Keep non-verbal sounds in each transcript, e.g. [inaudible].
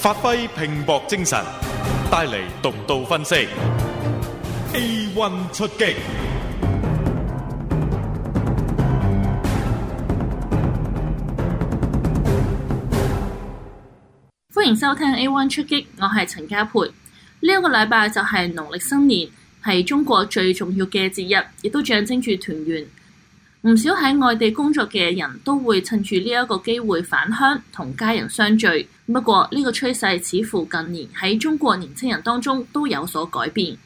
發揮拼搏精神，帶嚟獨到分析。A One 出擊，歡迎收聽 A One 出擊。我係陳嘉佩。呢、這、一個禮拜就係農曆新年，係中國最重要嘅節日，亦都象徵住團圓。唔少喺外地工作嘅人都會趁住呢一個機會返鄉同家人相聚。不過呢個趨勢似乎近年喺中國年輕人當中都有所改變。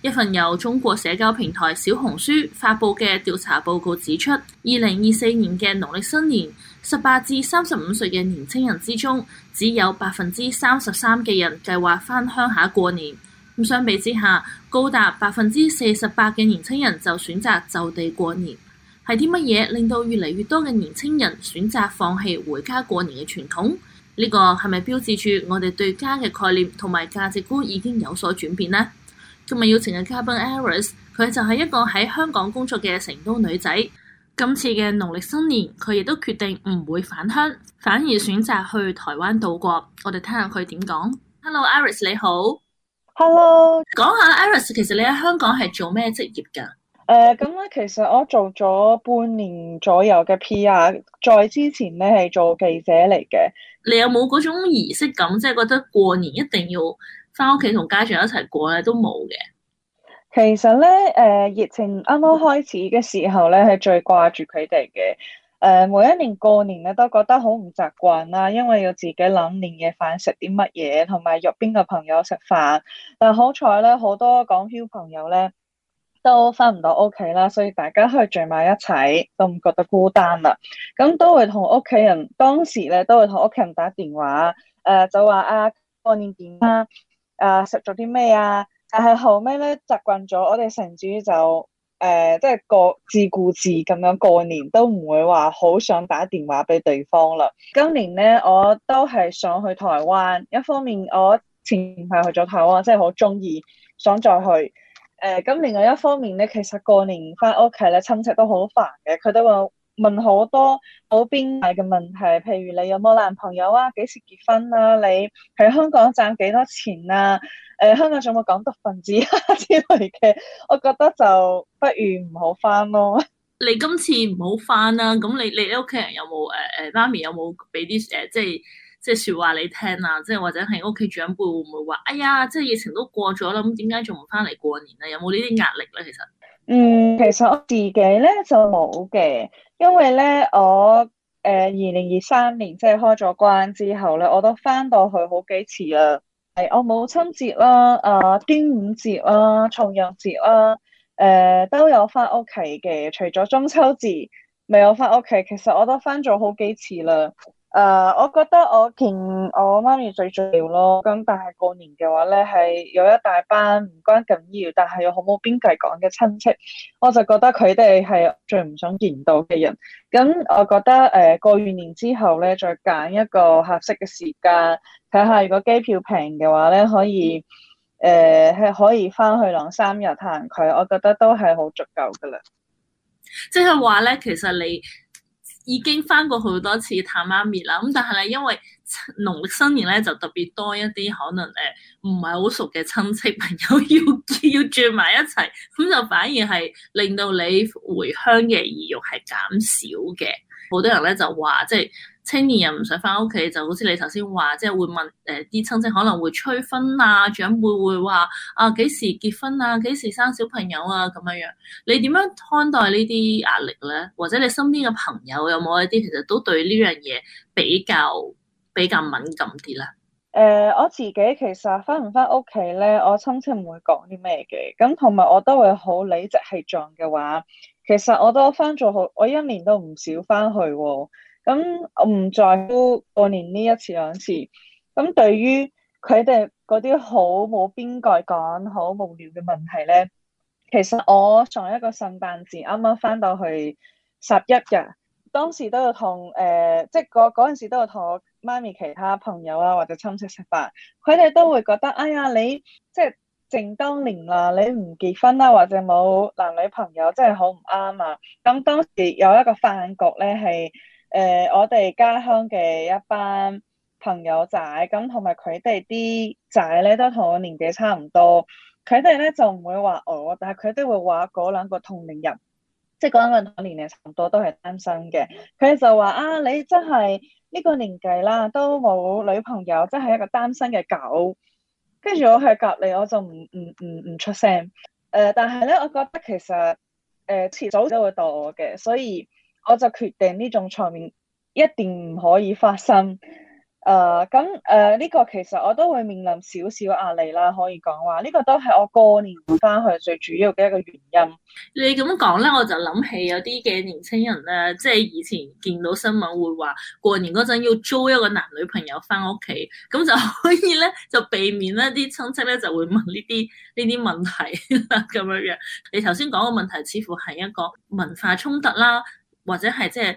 一份由中國社交平台小紅書發佈嘅調查報告指出，二零二四年嘅農曆新年，十八至三十五歲嘅年輕人之中，只有百分之三十三嘅人計劃返鄉下過年。咁相比之下，高達百分之四十八嘅年輕人就選擇就地過年。係啲乜嘢令到越嚟越多嘅年青人選擇放棄回家過年嘅傳統？呢個係咪標誌住我哋對家嘅概念同埋價值觀已經有所轉變呢？今日邀請嘅嘉賓 Aries，佢就係一個喺香港工作嘅成都女仔。今次嘅農曆新年，佢亦都決定唔會返鄉，反而選擇去台灣度過。我哋聽下佢點講。Hello，Aries 你好。Hello。講下 Aries，其實你喺香港係做咩職業㗎？誒，咁咧、呃，其實我做咗半年左右嘅 PR，再之前咧係做記者嚟嘅。你有冇嗰種儀式感，即係覺得過年一定要翻屋企同家長一齊過咧？都冇嘅。其實咧，誒、呃，疫情啱啱開始嘅時候咧，係最掛住佢哋嘅。誒、呃，每一年過年咧都覺得好唔習慣啦，因為要自己諗年夜飯食啲乜嘢，同埋約邊個朋友食飯。但好彩咧，好多港漂朋友咧。都翻唔到屋企啦，所以大家可以聚埋一齊，都唔覺得孤單啦。咁都會同屋企人當時咧，都會同屋企人打電話，誒、呃、就話啊過年點啊，誒食咗啲咩啊。但係後尾咧習慣咗，我哋甚至於就誒即係各自顧自咁樣過年，都唔會話好想打電話俾對方啦。今年咧，我都係想去台灣。一方面，我前排去咗台灣，即係好中意，想再去。誒咁、呃、另外一方面咧，其實過年翻屋企咧，親戚都好煩嘅，佢都話問好多好邊嚟嘅問題，譬如你有冇男朋友啊，幾時結婚啊，你喺香港賺幾多錢啊，誒、呃、香港仲有冇港獨分子啊之類嘅，我覺得就不如唔好翻咯。你今次唔好翻啦、啊，咁你你屋企人有冇誒誒媽咪有冇俾啲誒即係？即係說話你聽啊，即係或者係屋企長輩會唔會話，哎呀，即係疫情都過咗啦，咁點解仲唔翻嚟過年咧？有冇呢啲壓力咧？其實有有，嗯，其實我自己咧就冇嘅，因為咧我誒二零二三年即係開咗關之後咧，我都翻到去好幾次啦。係我母親節啦，啊端午節啦，重陽節啦，誒、呃、都有翻屋企嘅，除咗中秋節未有翻屋企，其實我都翻咗好幾次啦。誒，uh, 我覺得我見我媽咪最重要咯。咁但係過年嘅話咧，係有一大班唔關緊要，但係又好冇邊界講嘅親戚，我就覺得佢哋係最唔想見到嘅人。咁我覺得誒、呃，過完年之後咧，再揀一個合適嘅時間，睇下如果機票平嘅話咧，可以誒係、呃、可以翻去兩三日行佢，我覺得都係好足夠噶啦。即係話咧，其實你。已經返過好多次探媽咪啦，咁但係咧，因為農曆新年咧就特別多一啲可能誒唔係好熟嘅親戚朋友要 [laughs] 要住埋一齊，咁就反而係令到你回鄉嘅意欲係減少嘅。好多人咧就話即係。就是青年人唔想翻屋企，就好似你頭先話，即係會問誒啲親戚可能會催婚啊，長輩會話啊幾時結婚啊，幾時生小朋友啊咁樣樣。你點樣看待呢啲壓力咧？或者你身邊嘅朋友有冇一啲其實都對呢樣嘢比較比較敏感啲咧？誒、呃，我自己其實翻唔翻屋企咧，我親戚唔會講啲咩嘅。咁同埋我都會好，理直氣壯嘅話，其實我都翻咗好，我一年都唔少翻去喎、哦。咁唔在乎過年呢一次兩次，咁對於佢哋嗰啲好冇邊個講好無聊嘅問題咧，其實我上一個聖誕節啱啱翻到去十一日，當時都有同誒、呃，即係嗰嗰陣時都有同我媽咪其他朋友啊或者親戚食飯，佢哋都會覺得哎呀你即係正當年啦，你唔結婚啦或者冇男女朋友，真係好唔啱啊！咁當時有一個飯局咧係。誒、呃，我哋家鄉嘅一班朋友仔咁，同埋佢哋啲仔咧，都同我年紀差唔多。佢哋咧就唔會話我，但係佢哋會話嗰兩個同齡人，即係嗰兩個年齡差唔多都係單身嘅。佢哋就話：啊，你真係呢個年紀啦，都冇女朋友，真係一個單身嘅狗。跟住我去隔籬，我就唔唔唔唔出聲。誒、呃，但係咧，我覺得其實誒遲、呃、早都會到我嘅，所以。我就決定呢種場面一定唔可以發生。誒、uh，咁誒呢個其實我都會面臨少少壓力啦，可以講話呢、這個都係我過年唔翻去最主要嘅一個原因。你咁樣講咧，我就諗起有啲嘅年青人咧，即係以前見到新聞會話過年嗰陣要租一個男女朋友翻屋企，咁就可以咧就避免咧啲親戚咧就會問呢啲呢啲問題啦，咁樣樣。你頭先講嘅問題似乎係一個文化衝突啦。或者係即係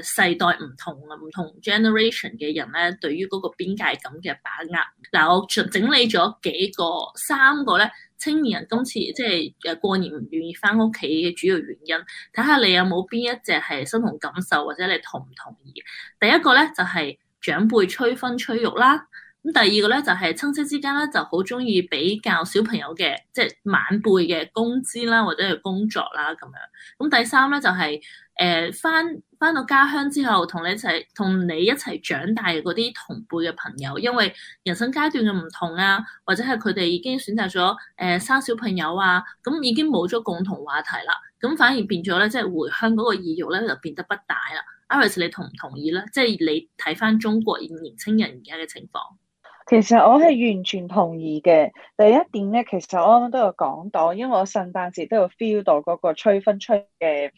誒世代唔同啊，唔同 generation 嘅人咧，對於嗰個邊界感嘅把握。嗱，我整理咗幾個三個咧，青年人今次即係誒過年唔願意返屋企嘅主要原因，睇下你有冇邊一隻係身同感受，或者你同唔同意？第一個咧就係、是、長輩催婚催育啦。咁第二個咧就係親戚之間咧，就好中意比較小朋友嘅即係晚輩嘅工資啦，或者係工作啦咁樣。咁第三咧就係誒翻翻到家鄉之後，同你一齊同你一齊長大嘅嗰啲同輩嘅朋友，因為人生階段嘅唔同啊，或者係佢哋已經選擇咗誒生小朋友啊，咁、嗯、已經冇咗共同話題啦。咁、嗯、反而變咗咧，即係回鄉嗰個意欲咧就變得不大啦。Aries，你同唔同意咧？即係你睇翻中國年輕人而家嘅情況。其實我係完全同意嘅。第一點咧，其實我啱啱都有講到，因為我聖誕節都有 feel 到嗰個吹風吹嘅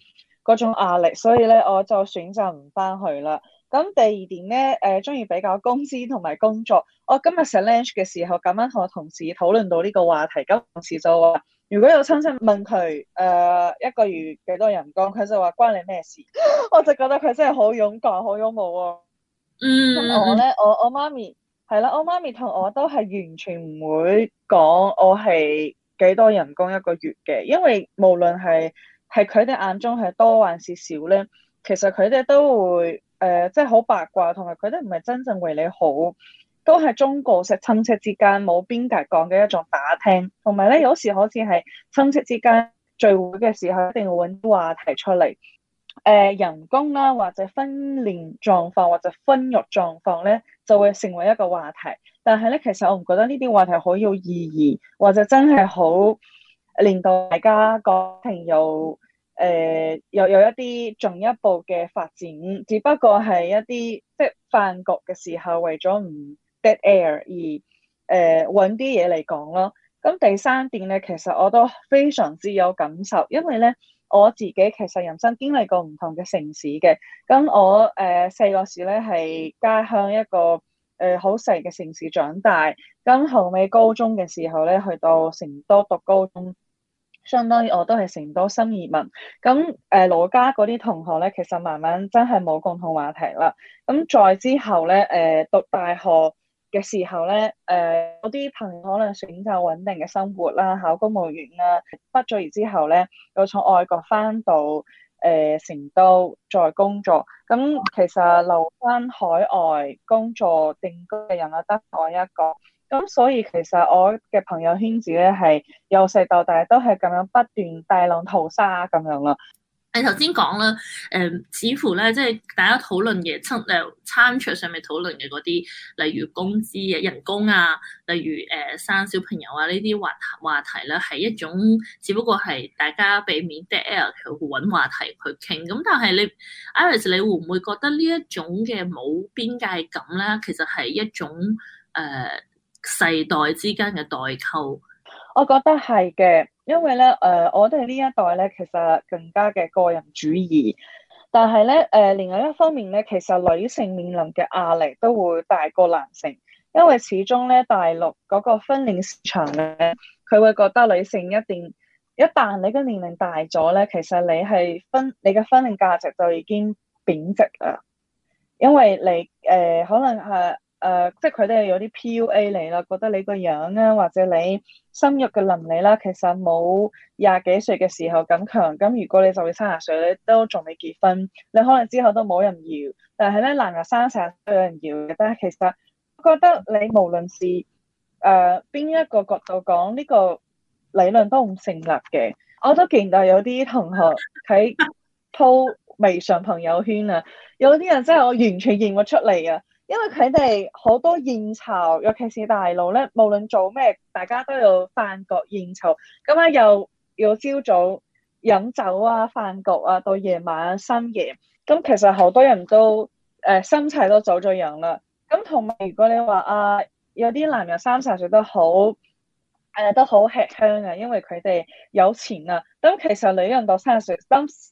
嗰種壓力，所以咧我就選擇唔翻去啦。咁第二點咧，誒中意比較工資同埋工作。我今日食 lunch 嘅時候，咁啱同我同事討論到呢個話題，咁同事就話：如果有親戚問佢誒、呃、一個月幾多人工，佢就話關你咩事？我就覺得佢真係好勇敢、好勇武啊！嗯，咁我咧，我我媽咪。係啦，我媽咪同我都係完全唔會講我係幾多人工一個月嘅，因為無論係係佢哋眼中係多還是少咧，其實佢哋都會誒，即係好八卦，同埋佢哋唔係真正為你好，都係中國式親戚之間冇邊界講嘅一種打聽，同埋咧有時好似係親戚之間聚會嘅時候，一定要搵啲話題出嚟。誒、呃、人工啦、啊，或者婚戀狀況，或者婚育狀況咧，就會成為一個話題。但係咧，其實我唔覺得呢啲話題好有意義，或者真係好令到大家感情又誒又有一啲進一步嘅發展。只不過係一啲即係飯局嘅時候，為咗唔 dead air 而誒揾啲嘢嚟講咯。咁、嗯、第三點咧，其實我都非常之有感受，因為咧。我自己其實人生經歷過唔同嘅城市嘅，咁我誒細個時咧係家鄉一個誒好細嘅城市長大，咁後尾高中嘅時候咧去到成都讀高中，相當於我都係成都新移民。咁誒老家嗰啲同學咧，其實慢慢真係冇共同話題啦。咁再之後咧誒讀大學嘅時候咧，誒、呃、啲朋友可能選擇穩定嘅生活啦，考公務員啦，畢咗業之後咧，又從外國翻到誒、呃、成都再工作。咁其實留翻海外工作定居嘅人啊，得我一個。咁所以其實我嘅朋友圈子咧，係由細到大都係咁樣不斷大浪淘沙咁樣咯。你頭先講啦，誒、呃，似乎咧，即係大家討論嘅餐誒餐桌上面討論嘅嗰啲，例如工資啊、人工啊，例如誒、呃、生小朋友啊呢啲話話題咧，係一種，只不過係大家避免 dead air 去揾話題去傾。咁但係你 Aries，你會唔會覺得呢一種嘅冇邊界感咧，其實係一種誒、呃、世代之間嘅代溝？我覺得係嘅。因為咧，誒、呃，我哋呢一代咧，其實更加嘅個人主義。但係咧，誒、呃，另外一方面咧，其實女性面臨嘅壓力都會大過男性。因為始終咧，大陸嗰個婚戀市場咧，佢會覺得女性一定。一旦你嘅年齡大咗咧，其實你係婚你嘅婚戀價值就已經貶值啦。因為你誒、呃，可能係。誒、呃，即係佢哋有啲 PUA 你啦，覺得你個樣啊，或者你深入嘅能力啦、啊，其實冇廿幾歲嘅時候咁強。咁如果你就係三十歲，你都仲未結婚，你可能之後都冇人要。但係咧，男人三十都有人要嘅，但係其實我覺得你無論是誒邊、呃、一個角度講，呢、呢個理論都唔成立嘅。我都見到有啲同學喺 po 微信朋友圈啊，有啲人真係我完全認唔出嚟啊！因為佢哋好多應酬，尤其是大陸咧，無論做咩，大家都有飯局應酬。咁咧又要朝早飲酒啊、飯局啊，到夜晚深夜。咁、嗯、其實好多人都誒、呃、心態都走咗樣啦。咁同埋如果你話啊，有啲男人三十歲都好誒、呃、都好吃香嘅，因為佢哋有錢啊。咁、嗯、其實女人到三十歲，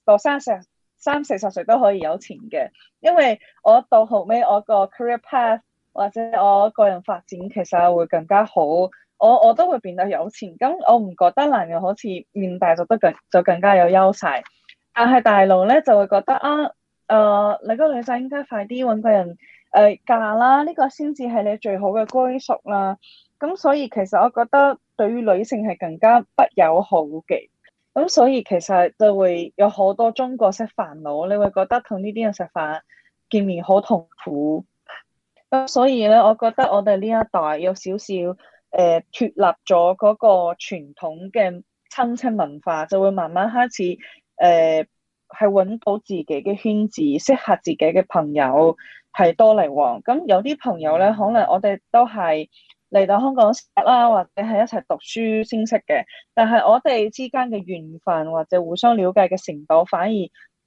到三十。三四十歲都可以有錢嘅，因為我到後尾，我個 career path 或者我個人發展其實會更加好，我我都會變得有錢。咁我唔覺得男人好似面大就得更就更加有優勢，但係大陸咧就會覺得啊，誒、呃、你個女仔應該快啲搵個人誒、呃、嫁啦，呢、這個先至係你最好嘅歸宿啦。咁所以其實我覺得對於女性係更加不友好嘅。咁所以其實就會有好多中國式煩惱，你會覺得同呢啲人食飯見面好痛苦。咁所以咧，我覺得我哋呢一代有少少誒脫離咗嗰個傳統嘅親戚文化，就會慢慢開始誒係揾到自己嘅圈子，適合自己嘅朋友係多嚟旺。咁有啲朋友咧，可能我哋都係。嚟到香港啦，或者係一齊讀書先識嘅，但係我哋之間嘅緣分或者互相了解嘅程度，反而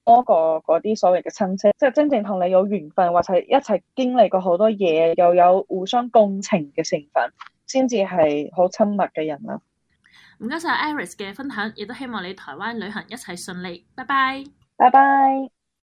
多過嗰啲所謂嘅親戚，即係真正同你有緣分或者一齊經歷過好多嘢，又有互相共情嘅成分，先至係好親密嘅人啦。唔該晒，Aries 嘅分享，亦都希望你台灣旅行一切順利，拜拜，拜拜。